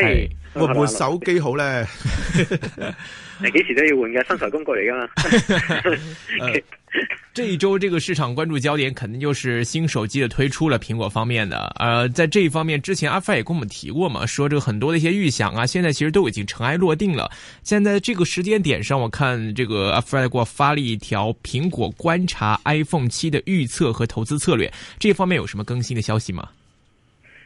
誒，換部、哎、手機好呢？你幾時都要換嘅，生存工具嚟噶嘛。 呃、這一周這個市場關注焦點，肯定就是新手機的推出了。蘋果方面的。呃，在這一方面，之前阿 Fred 也跟我們提過嘛，說這個很多的一些預想啊，現在其實都已經塵埃落定了。現在，在這個時間點上，我看這個阿 Fred 給我發了一條蘋果觀察 iPhone 七的預測和投資策略，這方面有什麼更新的消息嗎？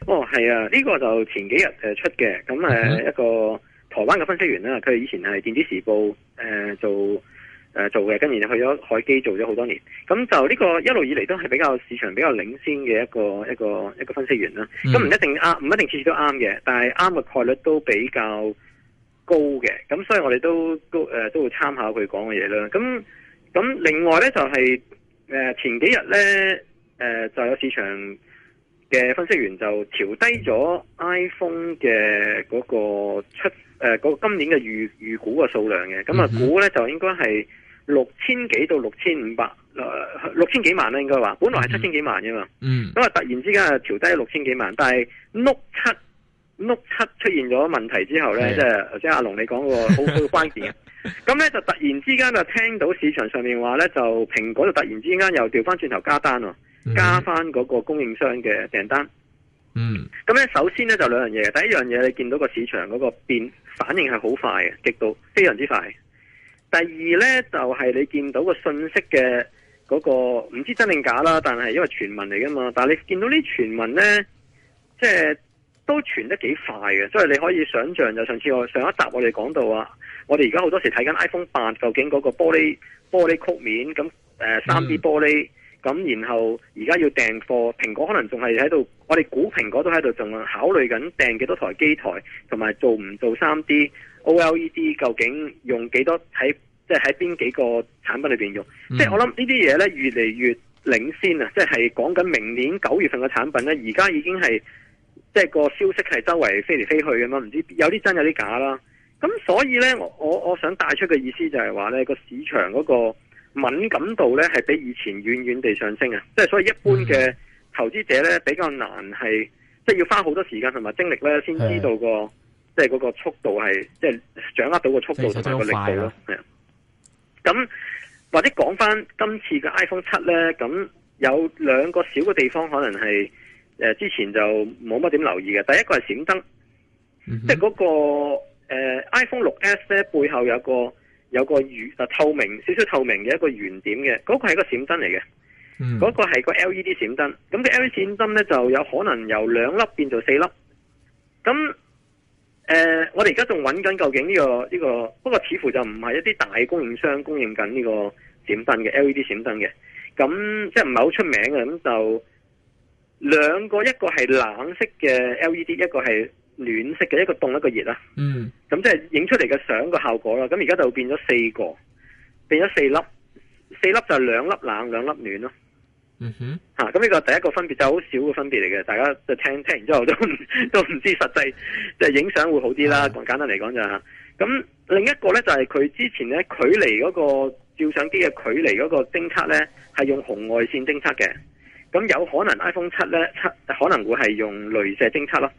哦，係啊，呢、這個就前幾日誒出嘅，咁誒、uh huh. 一個台灣嘅分析員啦，佢以前係電子時報誒、呃、做誒、呃、做嘅，跟住去咗海基做咗好多年。咁就呢個一路以嚟都係比較市場比較領先嘅一個一個一個分析員啦。咁唔、uh huh. 一定啱，唔一定次次都啱嘅，但係啱嘅概率都比較高嘅。咁所以我哋都都誒、呃、都會參考佢講嘅嘢啦。咁咁另外咧就係、是、誒、呃、前幾日咧誒就有市場。嘅分析員就調低咗 iPhone 嘅嗰個出誒，嗰、呃那個今年嘅預預估嘅數量嘅，咁啊、嗯哼，估咧就應該係六千幾到六千五百六千幾萬咧，應該話本來係七千幾萬啫嘛，咁啊、嗯，就突然之間啊調低六千幾萬，但係 note 七 note 七出現咗問題之後咧、嗯，即係即係阿龍你講個好好關鍵咁咧就突然之間就聽到市場上面話咧，就蘋果就突然之間又調返轉頭加單喎。加翻嗰個供應商嘅訂單，嗯，咁咧首先咧就兩樣嘢，第一樣嘢你見到個市場嗰個變反應係好快嘅，極度非常之快。第二咧就係、是、你見到個信息嘅嗰、那個唔知真定假啦，但係因為傳聞嚟噶嘛，但係你見到啲傳聞咧，即係都傳得幾快嘅，所以你可以想象，就上次我上一集我哋講到啊，我哋而家好多時睇緊 iPhone 八究竟嗰個玻璃玻璃曲面咁誒三 D 玻璃。嗯咁，然後而家要訂貨，蘋果可能仲係喺度，我哋估蘋果都喺度仲考慮緊訂幾多台機台，同埋做唔做 3D OLED，究竟用幾多喺即係喺邊幾個產品裏邊用？即係、嗯、我諗呢啲嘢呢，越嚟越領先啊！即係講緊明年九月份嘅產品呢，而家已經係即係個消息係周圍飛嚟飛去咁樣，唔知有啲真有啲假啦。咁所以呢，我我想帶出嘅意思就係話呢個市場嗰、那個。敏感度咧係比以前遠遠地上升啊！即係所以一般嘅投資者咧比較難係，嗯、即係要花好多時間同埋精力咧先知道、個，的即係嗰個速度係，即係掌握到個速度同埋個力度咯。係快啊，咁或者講翻今次嘅 iPhone 七咧，咁有兩個小嘅地方可能係誒、呃、之前就冇乜點留意嘅。第一個係閃燈，嗯、哼即係嗰、個誒、呃、iPhone 六 S 咧背後有個。有個圓，嗱，透明少少透明嘅一個圓點嘅，嗰、嗰個係個閃燈嚟嘅，嗰、嗯、個係個 L E D 閃燈。咁嘅 L E D 閃燈咧就有可能由兩粒變做四粒。咁誒、呃，我哋而家仲揾緊究竟呢、呢個呢、呢個，不過似乎就唔係一啲大供應商供應緊呢個閃燈嘅 L E D 閃燈嘅。咁即係唔係好出名嘅，咁就兩個，一個係冷色嘅 L E D，一個係。暖色嘅一個凍一個熱啦，嗯，咁即係影出嚟嘅相個效果啦。咁而家就變咗四個，變咗四粒，四粒就兩粒冷，兩粒暖咯。嗯哼，吓咁呢個第一個分別就好少嘅分別嚟嘅，大家就聽聽完之後都都唔知實際即係影相會好啲啦。嗯、簡單嚟講就吓，咁另一個呢，就係佢之前呢距離嗰個照相機嘅距離嗰個偵測呢，係用紅外線偵測嘅，咁有可能 iPhone 七呢七可能會係用鐳射偵測咯。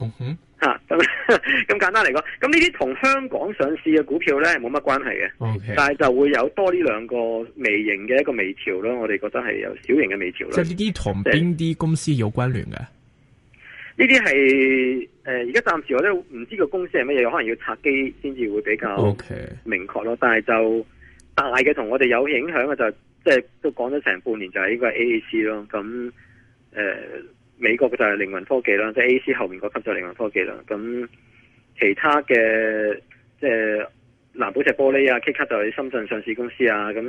嗯哼，吓咁咁簡單嚟講，咁呢啲同香港上市嘅股票咧冇乜關係嘅，Okay. 但係就會有多呢兩個微型嘅一個微調咯，我哋覺得係有小型嘅微調咯。即係呢啲同邊啲公司有關聯嘅？呢啲係誒，而家暫時我都唔知個公司係乜嘢，可能要拆機先至會比較明確咯。但係就大嘅同我哋有影響嘅就即係，就係，都講咗成半年，就係呢個 AAC 咯。咁誒。呃美國嘅就係凌雲科技啦，即、就、係、是、A C 後面嗰級就凌雲科技啦。咁其他嘅即係藍寶石玻璃啊，K 卡就係深圳上市公司啊。咁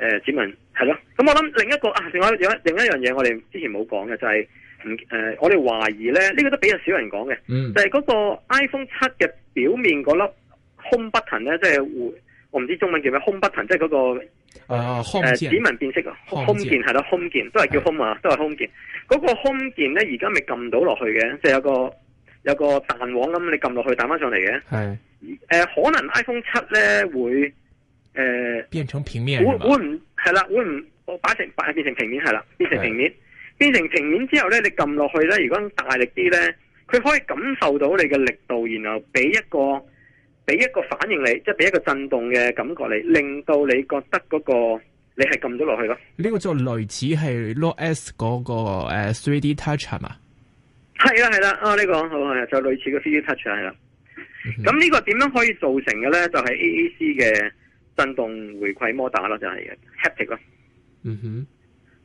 誒，指紋係咯。咁、嗯嗯、我諗另一個啊，另外有一另一樣嘢、就是呃，我哋之前冇講嘅就係唔誒，我哋懷疑咧，呢、這個都比較少人講嘅，就係、是、嗰個 iPhone 七嘅表面嗰粒 home button 咧，即、就、係、是、會。我唔知中文叫咩，Home button，即係嗰個啊，home 呃、指紋辨識啊，Home 鍵係 m Home 鍵都係叫 Home 啊，都係 Home 鍵。嗰、那個 Home 鍵咧，而家咪撳到落去嘅，即、就、係、是、有個有個彈簧咁，你撳落去彈翻上嚟嘅。係，誒，可能 iPhone 七咧會誒、呃、變成平面會，會會唔係啦，會唔我把成把變成平面係啦，變成平面，變成平面之後咧，你撳落去咧，如果大力啲咧，佢可以感受到你嘅力度，然後俾一個。俾一個反應你，即係俾一個震動嘅感覺你，令到你覺得嗰、嗰個你係撳咗落去咯。呢個就類似係 Log S 嗰個誒 Three D Touch 係嘛？係啦係啦，啊呢、呢個好係就是、類似嘅 Three D Touch 係啦。咁呢、嗯、哼個點樣可以造成嘅咧？就係、是、AAC 嘅震動回饋摩打咯，就係、是、嘅 Haptic 咯。嗯哼，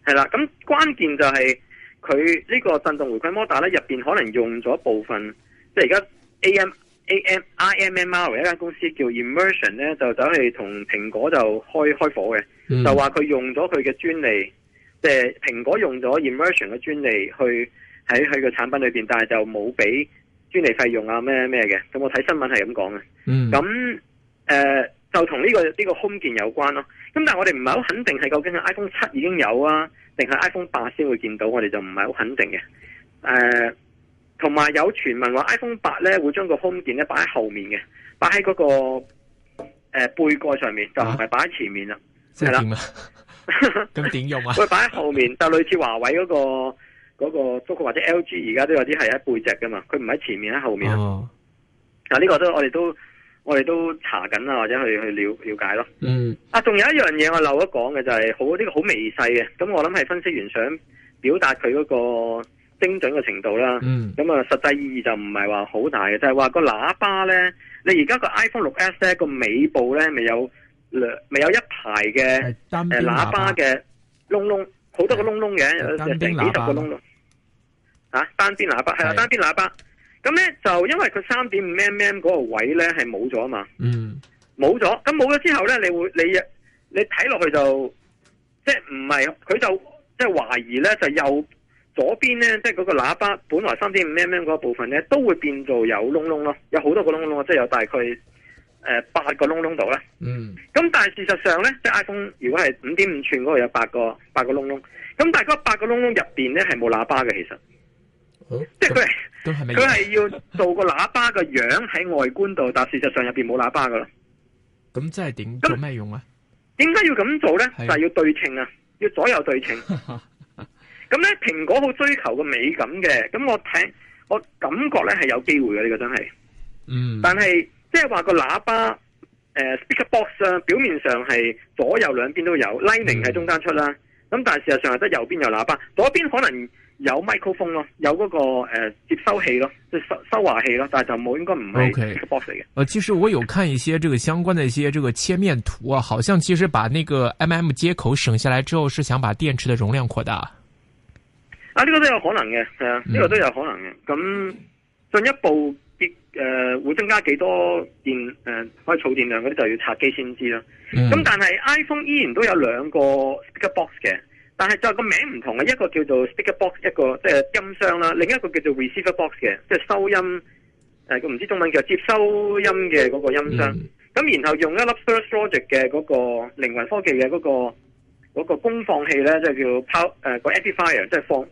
係啦。咁關鍵就係佢呢個震動回饋摩打咧，入邊可能用咗部分，即係而家 AM。A.M.I.M.M.R. 一間公司叫 Immersion、mm、咧，就等係同蘋果就開開火嘅，嗯、就話佢用咗佢嘅專利，即、呃、係蘋果用咗 Immersion、mm、嘅專利去喺佢嘅產品裏邊，但係就冇俾專利費用啊咩咩嘅。咁我睇新聞係咁講嘅。咁誒、嗯呃、就同呢、這個呢、這個 home 鍵有關咯。咁但係我哋唔係好肯定係究竟係 iPhone 七已經有啊，定係 iPhone 八先會見到，我哋就唔係好肯定嘅。誒、呃。同埋有傳聞話 iPhone 八咧會將個 home 鍵咧擺喺後面嘅，擺喺嗰個誒、呃、背蓋上面，啊、就唔係擺喺前面啦。係啦、啊，咁點了 用啊？佢擺喺後面，就 類似華為嗰個嗰個，那個、Focal，或者 LG 而家都有啲係喺背脊噶嘛。佢唔喺前面，喺後面。哦，嗱呢、啊這個都我哋都我哋都查緊啊，或者去了去了了解咯。嗯，啊，仲有一樣嘢我漏咗講嘅就係、是、好呢、這個好微細嘅。咁我諗係分析完想表達佢嗰個。精準嘅程度啦，咁啊、嗯、實際意義就唔係話好大嘅，就係、是、話個喇叭咧，你而家個 iPhone 六 S 咧個尾部咧咪有兩咪有一排嘅誒喇叭嘅窿窿，好多個窿窿嘅，成幾十個窿窿，吓單邊喇叭係啦單邊喇叭，咁咧就因為佢三點五 mm 嗰個位咧係冇咗啊嘛，冇咗、嗯，咁冇咗之後咧你會你你睇落去就即係唔係佢就即係懷疑咧就右。嗰邊咧，即係嗰個喇叭本來三點五 mm 嗰部分咧，都會變做有窿窿咯，有好多個窿窿，即係有大概誒八個窿窿度咧。嗯。咁但係事實上咧，即係 iPhone 如果係五點五寸嗰度有八個八個窿窿，咁但係八個窿窿入邊咧係冇喇叭嘅，其實。哦、即係佢，佢係要做個喇叭嘅樣喺外觀度，但係事實上入邊冇喇叭噶啦。咁、嗯、即係點有咩用啊？點解要咁做咧，的就係要對稱啊，要左右對稱。 咁咧，蘋果好追求個美感嘅，咁我睇，我感覺咧係有機會嘅呢個真係，嗯，但係即係話個喇叭誒、呃、speaker box 上、啊、表面上係左右兩邊都有，Lightning 喺、嗯、中間出啦，咁但係事實上係得右邊有喇叭，左邊可能有麥克風咯，有嗰、那個誒、呃、接收器咯，即、就、係、是、收收話器咯，但係就冇應該唔係 speaker box 嚟嘅。誒、okay. 呃，其實我有看一些這個相關的一些這個切面圖、啊，好像其實把那個 M、MM、M 接口省下來之後，是想把電池的容量擴大。啊！呢、呢個都有可能嘅，係啊，呢、呢個都有可能嘅。咁進一步，必、呃、誒會增加幾多電誒、呃、可以儲電量嗰啲，就要拆機先知啦。咁、嗯啊、但係 iPhone 依然都有兩個 speaker box 嘅，但係就係個名唔同嘅，一個叫做 speaker box，一個即係音箱啦。另一個叫做 receiver box 嘅，即係收音誒，唔、呃、知中文叫接收音嘅嗰個音箱。咁、嗯、然後用一粒 Cirrus Logic 嘅嗰個靈魂科技嘅嗰、嗰個功放、嗰個、器咧，即係 power，呃嗰個、ifier，即係叫 pow 誒個 amplifier，即係放。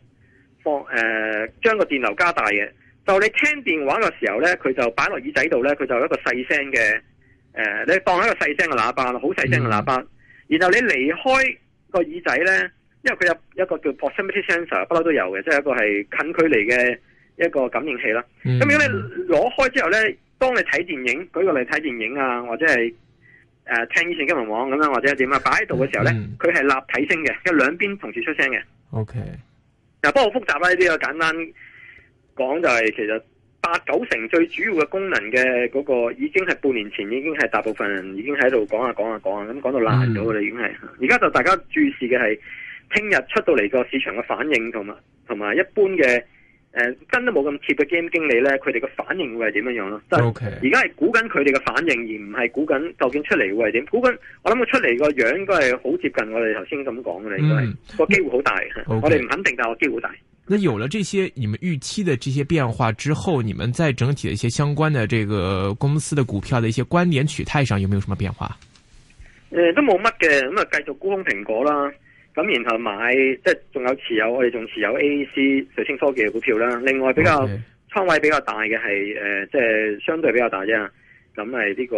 誒，將個、呃、電流加大嘅，就你聽電話嘅時候咧，佢就擺落耳仔度咧，佢就有一個細聲嘅，誒，你放一個細聲嘅喇叭，好細聲嘅喇叭。小喇叭。嗯、然後你離開個耳仔咧，因為佢有一個叫 proximity sensor，不嬲都有嘅，即、就、係、是、一個係近距離嘅一個感應器啦。咁、嗯、如果你攞開之後咧，當你睇電影，舉個例睇電影啊，或者係誒、呃、聽以前金文網咁樣，或者係點啊，擺喺度嘅時候咧，佢係、嗯、立體聲嘅，因有兩邊同時出聲嘅。O K。嗱，不過好複雜啦，呢啲，啊，簡單講就係，其實八九成最主要嘅功能嘅嗰個，已經係半年前已經係大部分人已經喺度講啊講啊講啊，咁講到爛咗啦，已經係。而家就大家注視嘅係聽日出到嚟個市場嘅反應，同埋同埋一般嘅。誒、呃，跟都冇咁切嘅 game 經理咧，佢哋嘅反應會係點樣樣咯？即係而家係估緊佢哋嘅反應，而唔係估緊究竟出嚟會係點？估緊我諗佢出嚟個樣應該係好接近我哋頭先咁講嘅，應該係個機會好大。Okay. 我哋唔肯定，但係個機會好大。那有了這些你們預期的這些變化之後，嗯、你們在整體的一些相關的這個公司的股票的一些觀點取態上有沒有什麼變化？誒、呃，都冇乜嘅咁啊，繼續沽空蘋果啦。咁然後買即係仲有持有，我哋仲持有 AAC 瑞聲科技嘅股票啦。另外比較倉 Okay. 位比較大嘅係誒，即係相對比較大啫。咁係呢個誒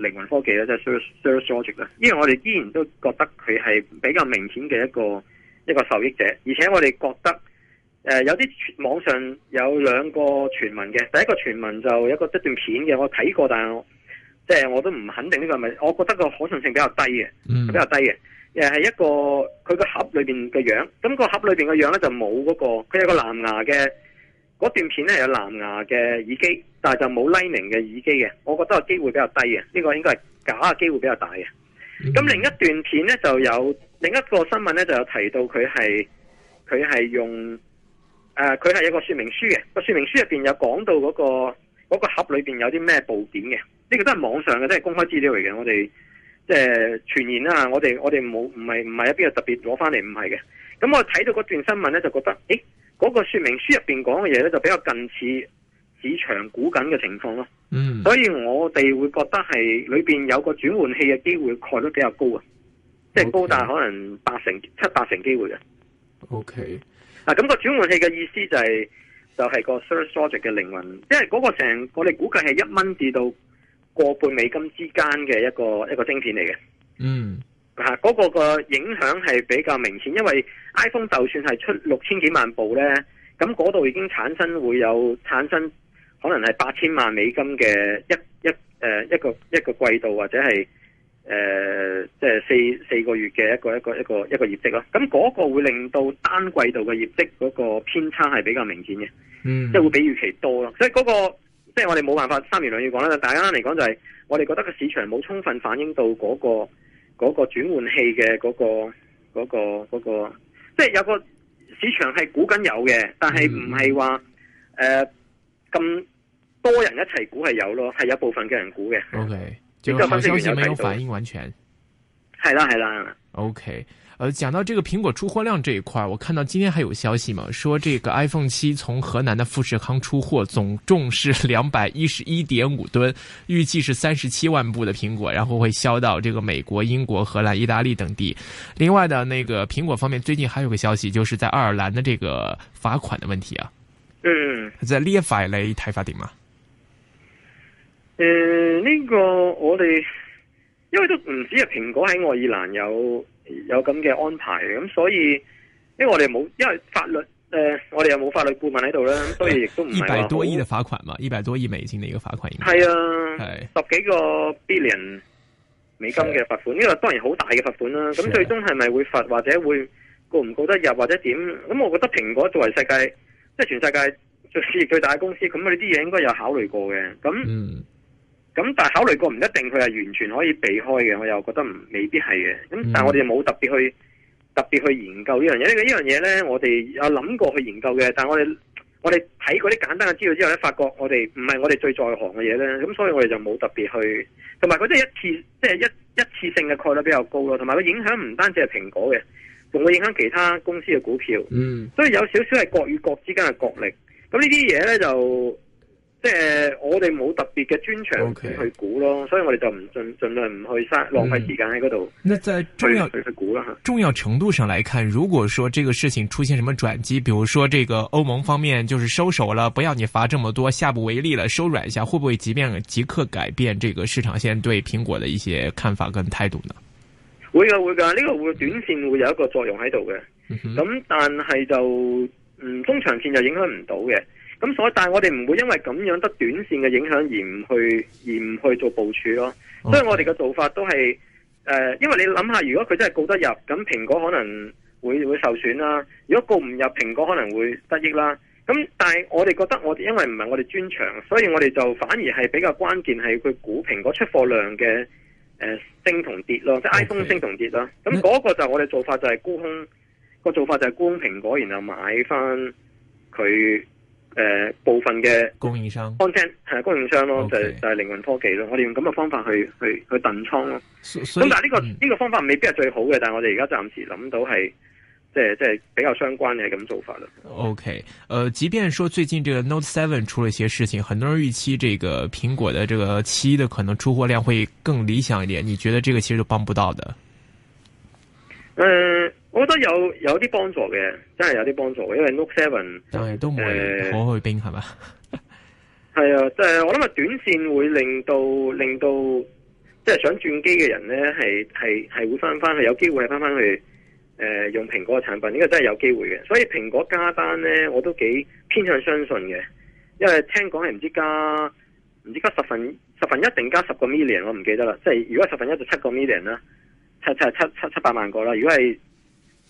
靈、呃、魂科技啦，即係 Surge Logic 啦。Ic, 因為我哋依然都覺得佢係比較明顯嘅一個一個受益者，而且我哋覺得誒、呃、有啲網上有兩個傳聞嘅，第一個傳聞就有一個一段片嘅，我睇過，但係即係我都唔肯定呢個係咪，我覺得個可信性比較低嘅，mm. 比較低嘅。誒係一個佢、那個盒裏邊嘅樣，咁個盒裏邊嘅樣咧就冇嗰、那個，佢有個藍牙嘅段片係有藍牙嘅耳機，但係就冇 Lightning 嘅耳機嘅。我覺得個機會比較低嘅，呢、這個應該係假嘅機會比較大嘅。咁另一段片咧就有另一個新聞咧就有提到佢係佢係用誒，佢係一個說明書嘅，個說明書入邊有講到嗰、那個嗰、那個盒裏邊有啲咩部件嘅，呢、這個都係網上嘅，都係公開資料嚟嘅，我哋。即係傳言啦、啊，我哋我哋冇唔係唔係一邊度特別攞翻嚟，唔係嘅。咁我睇到嗰段新聞咧，就覺得，誒、欸，嗰、那個說明書入邊講嘅嘢咧，就比較近似市場估緊嘅情況咯。嗯，所以我哋會覺得係裏邊有個轉換器嘅機會概率比較高啊，okay, 即係高達可能八成七八成機會嘅。O K，嗱，咁、那個轉換器嘅意思就係、是、就係、是、個 third p r o j e c 嘅靈魂，即係嗰個成我哋估計係一蚊至到。過半美金之間嘅一個一個晶片嚟嘅，嗯，吓個個影響係比較明顯，因為 iPhone 就算係出六千幾萬部呢，咁嗰度已經產生會有產生可能係八千萬美金嘅一一誒一個一個季度或者係誒即係四四個月嘅一個一個一個一個業績咯，咁嗰個會令到單季度嘅業績嗰個偏差係比較明顯嘅，嗯，即係會比預期多咯，所以嗰個。即係我哋冇辦法三言兩語講啦，但係啱啱嚟講就係，我哋覺得個市場冇充分反映到嗰個嗰個轉換器嘅嗰個、嗰個、嗰個嗰個，即係有個市場係估緊有嘅，但係唔係話誒咁多人一齊估係有咯，係有部分嘅人估嘅。O、okay, K，就好消息沒有反映完全。係啦，係啦。O K。呃，講到這個蘋果出貨量這一塊，我看到今天還有消息嘛，說這個 iPhone 七從河南的富士康出貨，總重是兩百一十一點五噸，預計是三十七萬部的蘋果，然後會銷到這個美國、英國、荷蘭、意大利等地。另外呢，那個蘋果方面，最近還有個消息，就是在愛爾蘭的這個罰款的問題啊。嗯，在列法雷台法庭嗎？嗯，呢、這個我哋因為都唔止係蘋果喺愛爾蘭有。有咁嘅安排咁所以，因為我哋冇，因為法律，誒、呃，我哋又冇法律顧問喺度啦，所以亦都唔係話。一百多億嘅罰款嘛，一百多億美金嘅一個罰款。係啊，是十幾個 billion 美金嘅罰款，呢、這個當然好大嘅罰款啦。咁最終係咪會罰或者會告唔告得入或者點？咁我覺得蘋果作為世界，即係全世界最最大嘅公司，咁佢啲嘢應該有考慮過嘅。咁嗯。咁但係考慮過唔一定佢係完全可以避開嘅，我又覺得唔未必係嘅。咁但係我哋冇特別去特別去研究呢樣嘢呢個樣嘢呢，我哋有諗過去研究嘅。但係我哋我哋睇嗰啲簡單嘅資料之後呢，發覺我哋唔係我哋最在行嘅嘢呢。咁所以我哋就冇特別去。同埋佢即係一次，即係一一次性嘅概率比較高咯。同埋佢影響唔單止係蘋果嘅，仲會影響其他公司嘅股票。嗯。所以有少少係國與國之間嘅角力。咁呢啲嘢呢，就。即係我哋冇特別嘅專長去估咯，Okay. 所以我哋就唔盡盡量唔去嘥浪費時間喺嗰度。那在重要、重要程度上嚟看，如果說這個事情出現什麼轉機，比如說這個歐盟方面就是收手了，不要你罰這麼多，下不為例了，收軟一下，會不會即便即刻改變這個市場先對蘋果的一些看法跟態度呢？會噶會噶，呢、這個會短線會有一個作用喺度嘅，咁、嗯、哼但係就嗯中長線就影響唔到嘅。咁所以，但係我哋唔會因為咁樣得短線嘅影響而唔去而唔去做部署咯。Oh. 所以我哋嘅做法都係，誒、呃，因為你諗下，如果佢真係告得入，咁蘋果可能會會受損啦；如果告唔入，蘋果可能會得益啦。咁但係我哋覺得我哋因為唔係我哋專長，所以我哋就反而係比較關鍵係佢估蘋果出貨量嘅誒、呃、升同跌咯，即係 iPhone 升同跌啦。咁嗰 Okay. 個就我哋做法就係、是、沽空，那個做法就係沽空蘋果，然後買翻佢。誒、呃、部分嘅供應商 c o、嗯、供應商咯，Okay. 就係就係靈魂科技咯。我哋用咁嘅方法去去去囤倉咯。咁、so, 但係、這、呢個呢、嗯、個方法未必係最好嘅，但係我哋而家暫時諗到係即係即係比較相關嘅咁做法啦。O K，誒，即便說最近呢個 Note Seven 出咗一些事情，很多人預期呢個蘋果的呢個七的可能出貨量會更理想一點，你覺得呢個其實都幫不到的？誒、呃。我覺得有有啲幫助嘅，真係有啲幫助嘅，因為 Note Seven，但係都唔係火去冰係嘛？係啊、呃，即係、 就是、我諗，咪短線會令到令到即係想轉機嘅人咧，係係係會翻翻去，有機會係翻翻去誒、呃、用蘋果嘅產品，呢個真係有機會嘅。所以蘋果加單咧，我都幾偏向相信嘅，因為聽講係唔知加唔知加十分十分一定加十個 million，我唔記得啦。即係如果係十分一就七個 million 啦，七七七七七百萬個啦。如果係。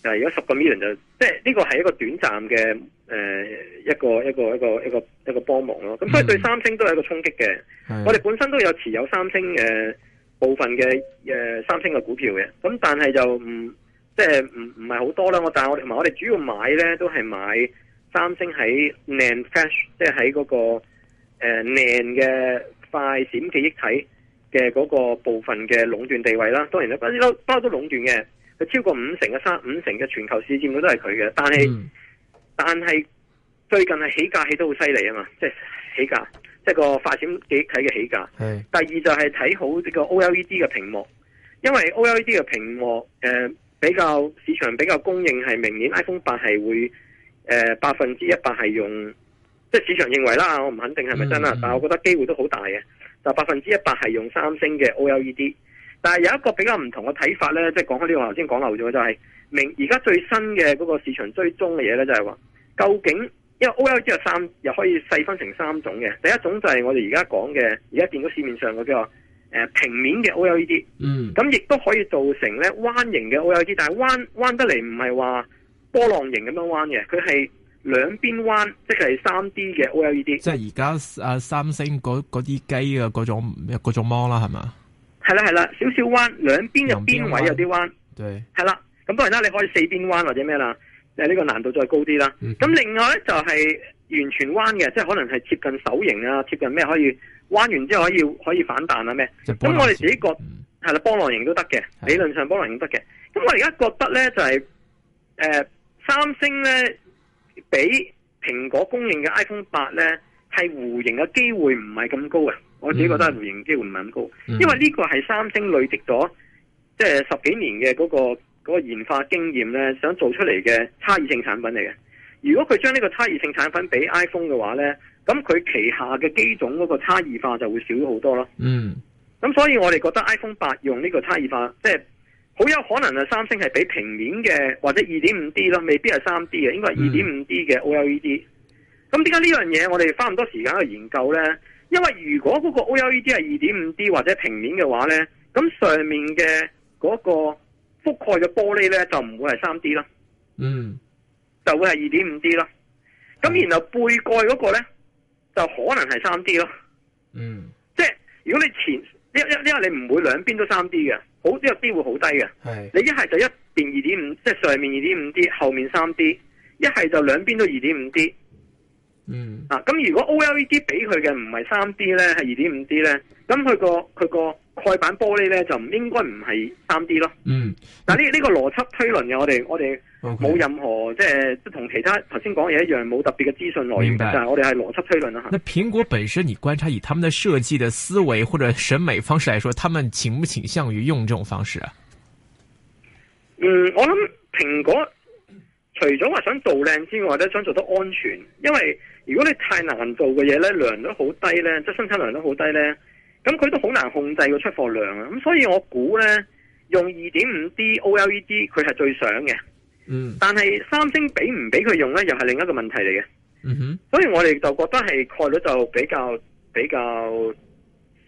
啊！而家十個 million 就即係呢個係一個短暫嘅誒、呃、一個一個一個一個一個幫忙咯。咁所以對三星都係一個衝擊嘅。的我哋本身都有持有三星誒、呃、部分嘅誒、呃、三星嘅股票嘅。咁但係就唔即係唔唔係好多啦。但我但係我哋唔係我哋主要買咧都係買三星喺 NAND flash 即係喺嗰、那個誒、呃、NAND 嘅快閃記憶體嘅嗰個部分嘅壟斷地位啦。當然啦，不都包括都壟斷嘅。超過五成嘅三五成嘅全球市佔率都係佢嘅，但係、嗯、但係最近係起價起得好犀利啊嘛！即係起價，即係個發展記憶體嘅起價。是第二就係睇好呢個 OLED 嘅屏幕，因為 OLED 嘅屏幕誒、呃、比較市場比較供應係明年 iPhone 八係會誒百分之一百係用，即係市場認為啦，我唔肯定係咪真啊，嗯、但係我覺得機會都好大嘅。就百分之一百係用三星嘅 OLED。但係有一個比較唔同嘅睇法咧，即係講開呢個頭先講漏咗，就係明而家最新嘅嗰個市場追蹤嘅嘢咧，就係話究竟因為 O L E D 有三又可以細分成三種嘅，第一種就係我哋而家講嘅，而家見到市面上嘅叫話誒平面嘅 O L E D，嗯，咁亦都可以做成咧彎形嘅 O L E D，但係彎彎得嚟唔係話波浪形咁樣彎嘅，佢係兩邊彎，即係三 D 嘅 O L E D，即係而家啊三星嗰嗰啲機嘅嗰種嗰種模啦，係嘛？係啦，係啦，少少彎，兩邊有邊位有啲彎。對，係啦，咁當然啦，你可以四邊彎或者咩啦，誒，呢個難度再高啲啦。咁、嗯、另外就係完全彎嘅，即係可能係接近手型啊，接近咩可以彎完之後可以可以反彈啊咩？咁我哋自己覺係啦、嗯，波浪形都得嘅，理論上波浪形得嘅。咁的我而家覺得咧就係、是、誒、呃，三星咧比蘋果供應嘅 iPhone 8咧係弧形嘅機會唔係咁高嘅。我自己覺得贏機會唔係咁高，嗯嗯、因為呢個係三星累積咗即係十幾年嘅嗰、嗰個、嗰個研發經驗咧，想做出嚟嘅差異性產品嚟嘅。如果佢將呢個差異性產品俾 iPhone 嘅話咧，咁佢旗下嘅機種嗰個差異化就會少咗好多咯。嗯，咁所以我哋覺得 iPhone 八用呢個差異化，即係好有可能啊！三星係俾平面嘅或者二點五 D 咯，未必係三 D 嘅，應該係二點五 D 嘅 OLED。咁點解呢樣嘢我哋花咁多時間去研究咧？因為如果嗰個 OLED 係二點五 D 或者平面嘅話呢，咁上面嘅嗰個覆蓋嘅玻璃呢，就唔會係三 D 咯，嗯，就會係二點五 D 咯。咁然後背蓋嗰個呢，就可能係三 D 咯，嗯。即係如果你前，因因為你唔會兩邊都三 D 嘅，好呢一 D 會好低嘅，係是。你一係就一邊二點五，即係上面二點五 D，後面三 D；一係就兩邊都二點五 D。嗯啊，咁如果 O L E D 俾佢嘅唔係三 D 咧，係二點五 D 咧，咁佢個佢個蓋板玻璃咧就唔應該唔係三 D 咯。嗯，但係呢呢個邏輯、這個、推論嘅，我哋我哋冇任何 okay, 即係即同其他頭先講嘢一樣，冇特別嘅資訊來源，明白但係我哋係邏輯推論。那蘋果本身，你觀察以他們的設計的思維或者審美方式來說，他們傾唔傾向於用這種方式啊？嗯，我諗蘋果除咗話想做靚之外咧，想做得安全，因為。如果你太難做嘅嘢呢，量都好低呢，即係生產量都好低呢，咁佢都好難控制個出貨量啊！咁所以我估呢，用二點五 D OLED 佢係最想嘅，嗯，但係三星俾唔俾佢用呢，又係另一個問題嚟嘅，嗯哼，所以我哋就覺得係概率就比較比較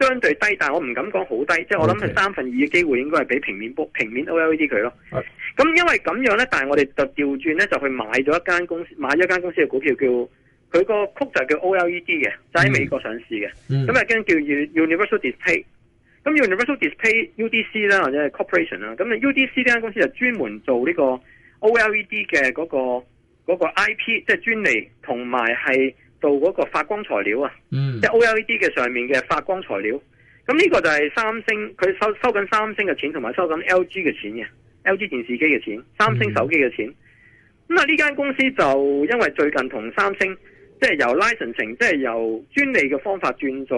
相對低，但係我唔敢講好低，即係 Okay. 我諗係三分二嘅機會應該係俾平面平面 OLED 佢咯，係、嗯，咁因為咁樣呢，但係我哋就調轉呢，就去買咗一間公司，買咗一間公司嘅股票叫。佢個曲就係叫 OLED 嘅，就喺美國上市嘅。咁啊跟叫 U, Universal Display，咁 Universal Display UDC 啦，或者係 Corporation 啦。咁啊 UDC 呢間公司就專門做呢個 OLED 嘅嗰個嗰個 IP，即係專利同埋係做嗰個發光材料啊。即係 OLED 嘅上面嘅發光材料。咁呢個就係三星，佢收收緊三星嘅錢，同埋收緊 LG 嘅錢嘅 LG 電視機嘅錢，三星手機嘅錢。咁啊呢間公司就因為最近同三星。即係由 license 即係由專利嘅方法轉做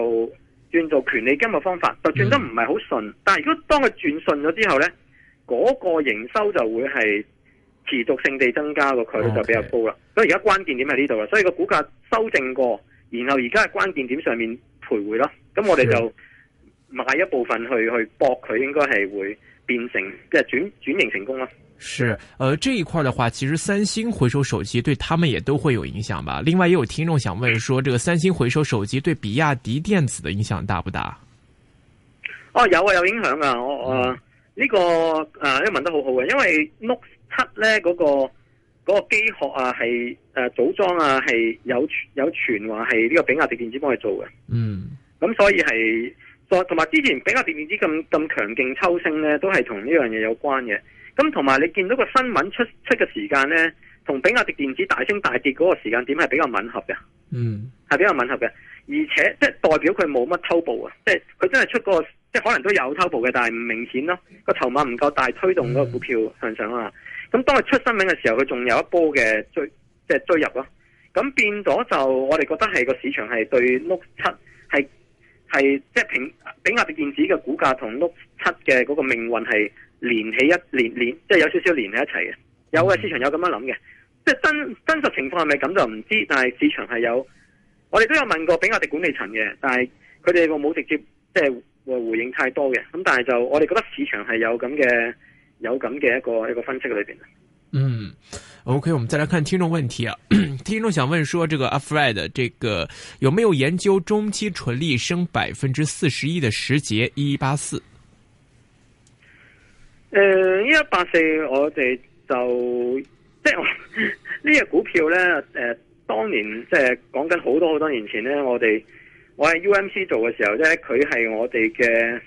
轉做權利金嘅方法，就轉得唔係好順。但係如果當佢轉順咗之後呢，嗰個營收就會係持續性地增加個概率就比較高啦 Okay.。所以而家關鍵點喺呢度啦。所以個股價修正過，然後而家係關鍵點上面徘徊咯。咁我哋就買一部分去去搏佢，應該係會變成即係轉轉型成功啦。是，誒、呃，這一塊的話，其實三星回收手機對他們也都會有影響吧。另外，也有聽眾想問說，這個三星回收手機對比亞迪電子的影響大不大？哦，有啊，有影響噶、啊。我我呢、呃這個誒，你、呃、問、這個、得很好好嘅，因為 Note 七咧、那個嗰、那個機殼啊，係誒、呃、組裝啊，係有有傳話係呢個比亞迪電子幫佢做嘅。嗯，咁、嗯、所以係同同埋之前比亞迪電子咁咁強勁抽升咧，都係同呢樣嘢有關嘅。咁同埋你見到個新聞出出嘅時間呢，同比亞迪電子大升大跌嗰個時間點係比較吻合嘅，嗯，係比較吻合嘅。而且即係代表佢冇乜偷步啊，即係佢真係出個即係可能都有偷步嘅，但係唔明顯咯。個籌碼唔夠大推動嗰個股票向上啊。咁、嗯、當佢出新聞嘅時候，佢仲有一波嘅追即係追入咯。咁變咗就我哋覺得係個市場係對 note 七係係即係平比亞迪電子嘅股價同 note 七嘅嗰個命運係。連起一連連，即係有少少連起一齊嘅，有嘅市場有咁樣諗嘅，即係真真實情況係咪咁就唔知，但係市場係有，我哋都有問過比亞迪管理層嘅，但係佢哋我冇直接即係回應太多嘅，咁但係就我哋覺得市場係有咁嘅有咁嘅一個一個分析喺裏邊。嗯，OK，我們再來看聽眾問題啊，聽眾想問說，這個 Fred 這個有沒有研究中期純利升百分之四十一的時捷一一八四？誒，呢一八四我哋就即係呢隻股票咧，誒、呃，當年即係講緊好多好多年前咧，我哋我喺 U M C 做嘅時候咧，佢係我哋嘅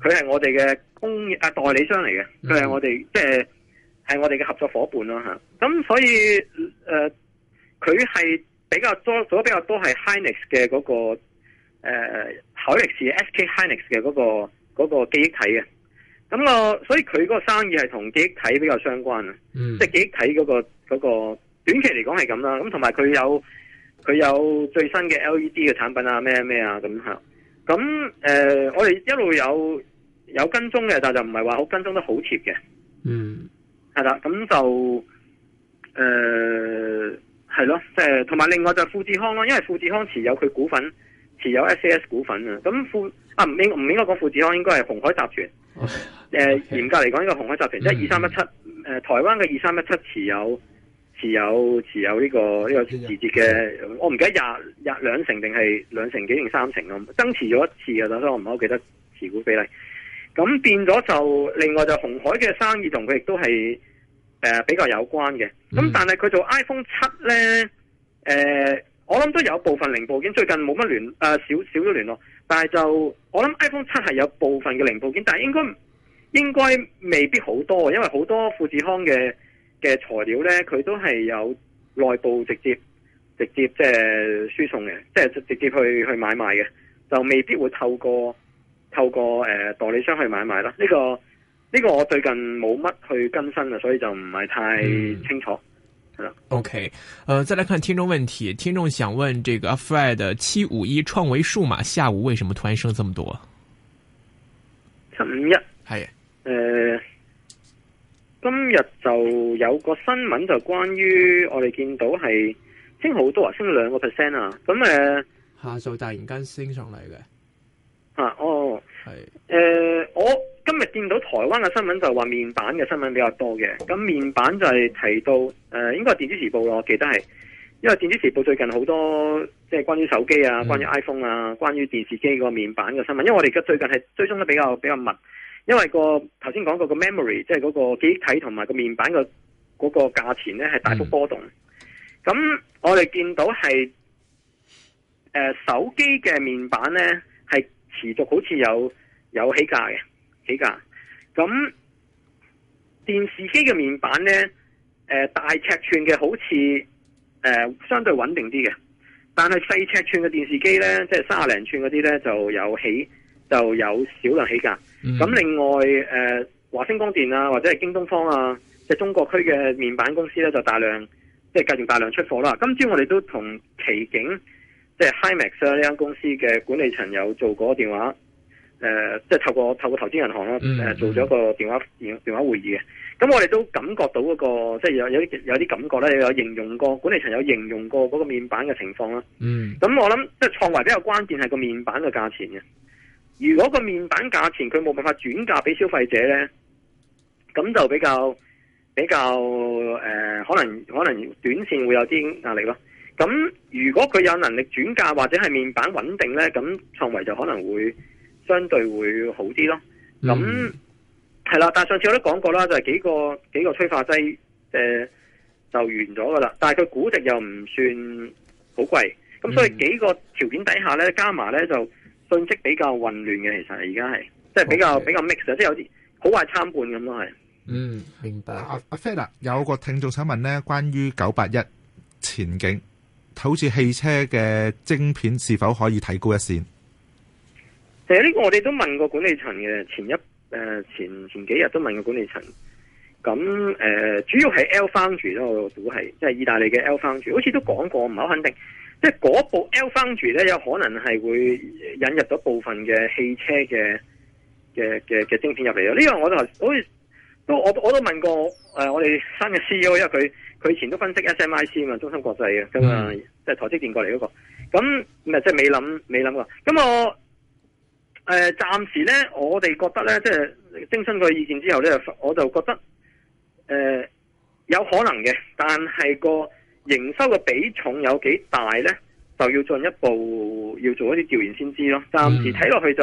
佢係我哋嘅工業啊代理商嚟嘅，佢係我哋、mm hmm. 即係係我哋嘅合作伙伴啦吓。咁所以誒，佢、呃、係比，比較多做比較多係 Hynix 嘅嗰、那個誒、呃、海力士 S K Hynix 嘅嗰、那個嗰、那個記憶體嘅。咁個，所以佢嗰個生意係同記憶體比較相關啊，嗯、即係記憶體嗰、嗰個嗰個短期嚟講係咁啦。咁同埋佢有佢有，有最新嘅 LED 嘅產品啊，咩咩啊咁嚇。咁誒、呃，我哋一路有有跟蹤嘅，但就唔係話好跟蹤得好貼嘅。嗯，係啦。咁就誒係咯，即係同埋另外就係富士康咯、啊，因為富士康持有佢股份，持有 S A S 股份啊。咁富啊，唔應唔應該講富士康，應該係鴻海集團。誒，嚴 Okay. 格嚟講，呢、這個鴻海集團，即係二三一七，誒、呃，台灣嘅二三一七持有持有持有呢、這個呢、這個字節嘅，我唔記得廿廿兩成定係兩成幾定三成咁，增持咗一次噶啦，所以我唔係好記得持股比例。咁變咗就另外就鴻海嘅生意同佢亦都係誒比較有關嘅。咁但係佢做 iPhone 七咧，誒、呃，我諗都有部分零部件，最近冇乜聯誒少少咗聯絡。但係就我諗 iPhone 七係有部分嘅零部件。但係應該應該未必好多，因為好多富士康嘅嘅材料呢，佢都係有內部直接直接即係輸送嘅，即係直接去去買賣嘅，就未必會透過透過誒代理商去買賣啦。呢個呢個我最近冇乜去更新啊，所以就唔係太清楚。嗯 O K，誒，再來看聽眾問題，聽眾想問這個阿 Fred 七五一創維數碼下午為什麼突然升這麼多？七五一係誒，今日就有個新聞就關於我哋見到係升好多啊，升咗兩個 percent 啊，咁誒下晝突然間升上嚟嘅啊，哦係誒的、呃、我。今日見到台灣嘅新聞就話面板嘅新聞比較多嘅，咁面板就係提到誒、呃，應該係電子時報咯，我記得係，因為電子時報最近好多即係關於手機啊、關於 iPhone 啊、關於電視機個面板嘅新聞，因為我哋而家最近係追蹤得比較比較密，因為個頭先講嗰個 memory，即係嗰個記憶體同埋個面板嘅個價錢咧係大幅波動，咁、嗯、我哋見到係誒、呃、手機嘅面板咧係持續好似有有起價嘅。起價，咁電視機嘅面板呢，誒、呃、大尺寸嘅好似誒、呃、相對穩定啲嘅，但係細尺寸嘅電視機呢，即係三十零寸嗰啲呢，就有起就有少量起價。咁、mm hmm. 另外誒華、呃、星光電啊或者係京東方啊，即、就、係、是、中國區嘅面板公司呢，就大量即係繼續大量出貨啦。今朝我哋都同奇景即係、就是、HiMax 呢間公司嘅管理層有做過電話。誒、呃，即係透過透過投資銀行啦，誒、呃、做咗一個電話、嗯嗯、電話會議嘅。咁我哋都感覺到嗰、那個即係有有啲有啲感覺咧，有形容過管理層有形容過嗰個面板嘅情況啦。嗯，咁我諗即係創維比較關鍵係個面板嘅價錢嘅。如果個面板價錢佢冇辦法轉嫁俾消費者咧，咁就比較比較誒、呃，可能可能短線會有啲壓力咯。咁如果佢有能力轉嫁或者係面板穩定咧，咁創維就可能會。相對會好啲咯，咁係啦。但上次我都講過啦，就係、是、幾個幾個催化劑誒、呃，就完咗噶啦。但係佢估值，又唔算好貴，咁所以幾個條件底下咧，加埋咧就信息，比較混亂嘅。其實而家係即係比較 Okay. 比較 mix，即係有啲好壞參半咁咯。係嗯，明白。阿阿 Fred 啦，有個聽眾想問咧，關於九八一前景，好似汽車嘅晶片是否可以睇高一線？誒，呢個我哋都問過管理層嘅，前一誒前前幾日都問過管理層。咁誒、呃，主要係 LFoundry 咧，我估係即係意大利嘅 LFoundry 好似都講過，唔係好肯定。即係嗰部 LFoundry 咧，有可能係會引入咗部分嘅汽車嘅嘅嘅嘅晶片入嚟咯。呢、這個我都頭好似都我我都問過誒、呃，我哋新嘅 C E O，因為佢佢以前都分析 S M I C 嘛，中芯國際嘅咁啊，即係、就是、台積電過嚟嗰、那個咁咪即係未諗未諗啊。咁、就是、我。誒，暫時咧，我哋覺得咧，即係徵詢佢意見之後咧，我就覺得誒有可能嘅，但係個營收嘅比重有幾大咧，就要進一步要做一啲調研先知咯。暫時睇落去就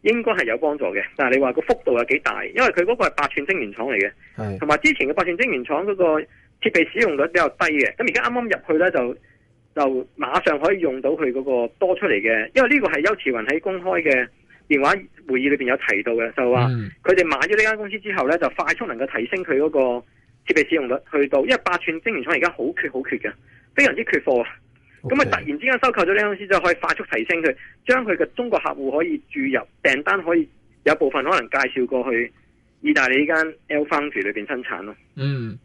應該係有幫助嘅，但係你話個幅度有幾大？因為佢嗰個係八寸晶圓廠嚟嘅，同埋是之前嘅八寸晶圓廠嗰個設備使用率比較低嘅，咁而家啱啱入去咧就就馬上可以用到佢嗰個多出嚟嘅，因為呢個係邱慈雲喺公開嘅。電話會議裏邊有提到嘅，就話佢哋買咗呢間公司之後咧，嗯、就快速能夠提升佢嗰個設備使用率，去到因為八寸晶圓廠而家好缺好缺嘅，非常之缺貨，咁啊 Okay. 突然之間收購咗呢間公司就可以快速提升佢，將佢嘅中國客戶可以注入訂單，可以有部分可能介紹過去意大利呢間 LFoundry 裏邊生產咯。嗯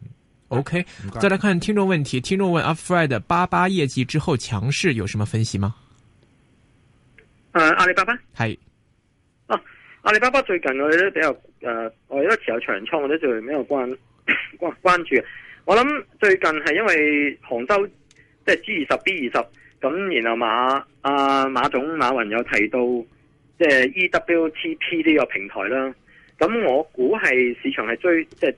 ，OK，再嚟看聽眾問題，聽眾問 Alfred 八八業績之後強勢，有什麼分析嗎？誒、啊，阿里巴巴，係。阿里巴巴最近我哋都比較誒、呃，我哋都持有長倉，我都最比較關關關注。我諗最近係因為杭州即係、就是、G 二十 B 二十咁，然後馬阿、呃、馬總馬雲有提到即係、就是、E W T P 呢個平台啦。咁我估係市場係追即係、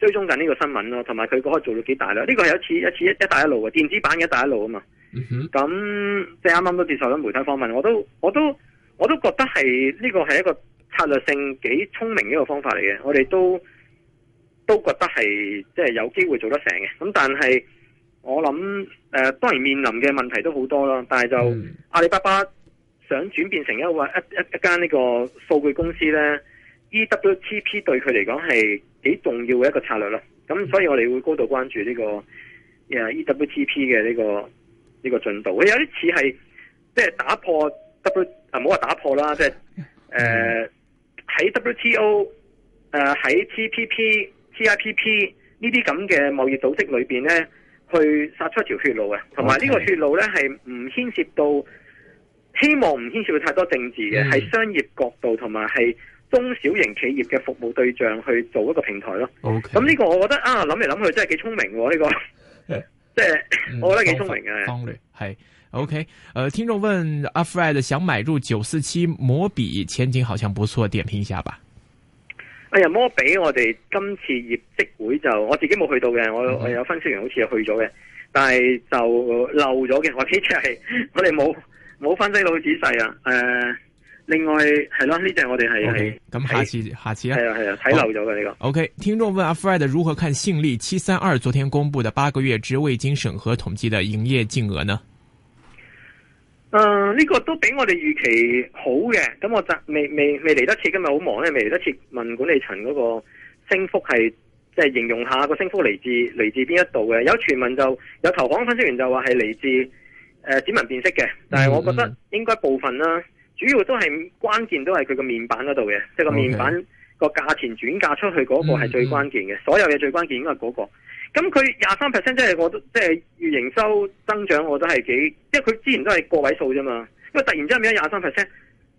就是、追蹤緊呢個新聞咯，同埋佢嗰個做到幾大啦。呢個係一次一次一帶一路嘅電子版嘅一帶一路啊嘛。咁即係啱啱都接受咗媒體訪問，我都我都我都覺得係呢、這個係一個。策略性幾聰明呢一個方法嚟嘅，我哋都都覺得係即係有機會做得成嘅。咁但係我諗誒、呃，當然面臨嘅問題都好多啦。但係就阿里巴巴想轉變成一個一一間呢個數據公司咧，EWTP 對佢嚟講係幾重要嘅一個策略咯。咁所以我哋會高度關注呢、呢個啊、yeah, EWTP 嘅呢、呢個呢、呢個進度。佢有啲似係即係打破 W 啊，唔好話打破啦，即係誒。呃 喺 WTO，誒喺 TPP、TIPP 呢啲咁嘅貿易組織裏邊咧，去殺出一條血路嘅，同埋呢個血路咧係唔牽涉到希望唔牽涉到太多政治嘅，喺 Yeah. 商業角度同埋係中小型企業嘅服務對象去做一個平台咯。OK。咁呢個我覺得啊，諗嚟諗去真係幾聰明喎呢、呢個，即係 Yeah. 我覺得幾聰明嘅。方 O、okay, K，呃聽眾問阿 Fred 想買入九四七摩比，前景好像不錯，點評一下吧。哎呀，摩比我哋今次業績會就我自己冇去到嘅，我我有分析員好似去咗嘅，但係就漏咗嘅。我估計係我哋冇冇分析到仔細啊。誒、呃，另外係咯，呢隻、這個、我哋係係咁，下次下次啊，係啊係啊，睇漏咗嘅呢個。O、okay, K，聽眾問阿 Fred 如何看信利七三二昨天公布嘅八個月之未經審核統計嘅營業淨額呢？誒，呢個都比我哋預期好嘅，咁我就未未未嚟得切，今日好忙咧，未嚟得切問管理層嗰個升幅係，即係形容下個升幅嚟自嚟自邊一度嘅，有傳聞就有投行分析員就話係嚟自誒指紋辨識嘅，但係我覺得應該部分啦，嗯嗯主要都係關鍵都係佢個面板嗰度嘅，即係個面板個價錢轉嫁出去嗰個係最關鍵嘅，嗯嗯嗯所有嘢最關鍵應該係嗰個。咁佢廿三 percent，即係我都即係、就是、預營收增長，我都係幾，因為佢之前都係個位數啫嘛。因為突然之間變咗廿三 percent，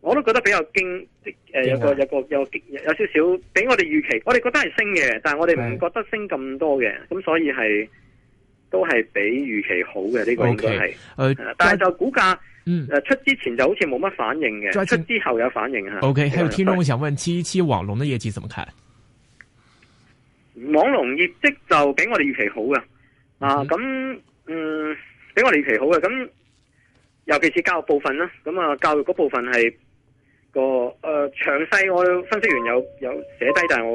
我都覺得比較驚，誒話、呃，有個有個有有少少俾我哋預期。我哋覺得係升嘅，但係我哋唔覺得升咁多嘅，咁所以係都係比預期好嘅呢、這個應該係。誒、okay, 呃，但係就股價，誒、嗯、出之前就好似冇乜反應嘅，再清出之後有反應吓。OK，、嗯、還有聽眾我想問對七一七網龍嘅業績怎麼睇？網龍業績就比我哋預期好嘅，啊，咁嗯，比我哋預期好嘅，咁尤其是教育部分啦，咁啊教育嗰部分係個誒詳細我分析完有有寫低，但係我。